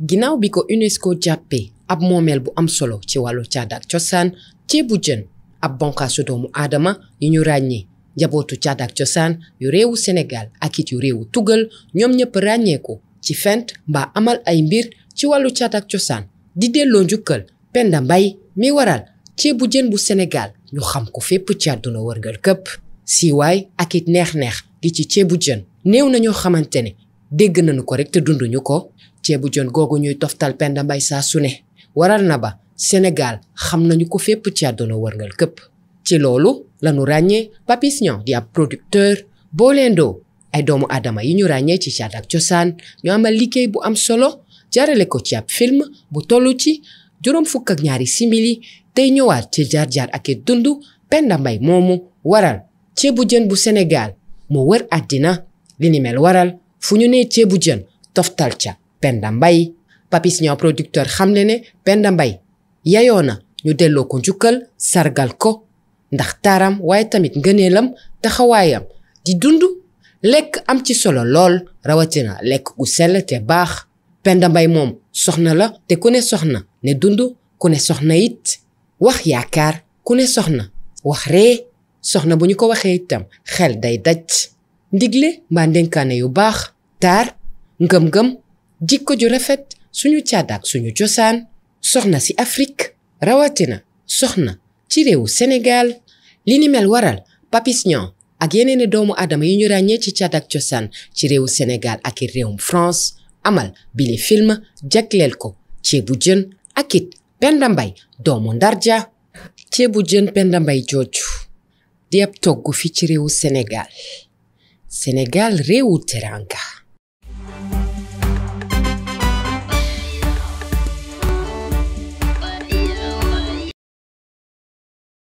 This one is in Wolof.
ginnaaw bi ko UNESCO jàppee ab moomeel bu am solo ci wàllu caada cosaan ceebu jën ab bonkaasu doomu aadama yi ñu ràññee njabootu caada cosaan yu réewu Sénégal ak it yu réewu tugal ñoom ñëpp ràññeeku ci fent mbaa amal ay mbir ci wàllu caada cosaan di delloo njukkal Penda mbay mi waral ceebu jën bu Sénégal ñu xam ko fépp ci àdduna wërngal këpp siiwaay ak it neex-neex gi ci ceebu jën néew na ñoo xamante ne dégg nañu ko rek te dunduñu ko ceebu jën googu ñuy toftal Penda Mbaye saa su ne waral na ba Sénégal xam nañu ko fépp ci àdduna wërngal këpp ci loolu lañu ràññee Papis Niang di ab producteur booleendoo ay doomu aadama yi ñu ràññee ci caat ak cosaan ñu a liggéey bu am solo jarale ko ci ab film bu toll ci juróom fukk ak ñaari simili tey ñëwaat ci jaar-jaar ak i dund Penda moomu waral ceebu jën bu Sénégal mu wër àddina li ni mel waral fu ñu nee ceebu jën toftal ca Penda Mbaye Papis Niang producteur xamle ne Penda Mbaye yayoo na ñu delloo ko jukkal sargal ko ndax taaram waaye tamit ngëneelam taxawaayam di dund lekk am ci solo lool rawatina lekk gu sell te baax Penda Mbaye moom soxna la te ku ne soxna ne dund ku ne soxna it wax yaakaar ku ne soxna wax ree soxna bu ñu ko waxee itam xel day daj ndigle mbaa yu baax taar ngëm-ngëm jikko ju rafet suñu caada ak suñu cosaan soxna si Afrique rawatina soxna ci réewu Sénégal li ni mel waral papision ak yeneeni doomu aadama yi ñu ràññee ci caada ak cosaan ci réewu Sénégal ak i réewum France amal bile film jagleel ko ceebu jën ak it Penda doomu Ndarja ceebu jën Penda Mbaye jooju di ab togg fi ci réewu Sénégal Sénégal réewu teranga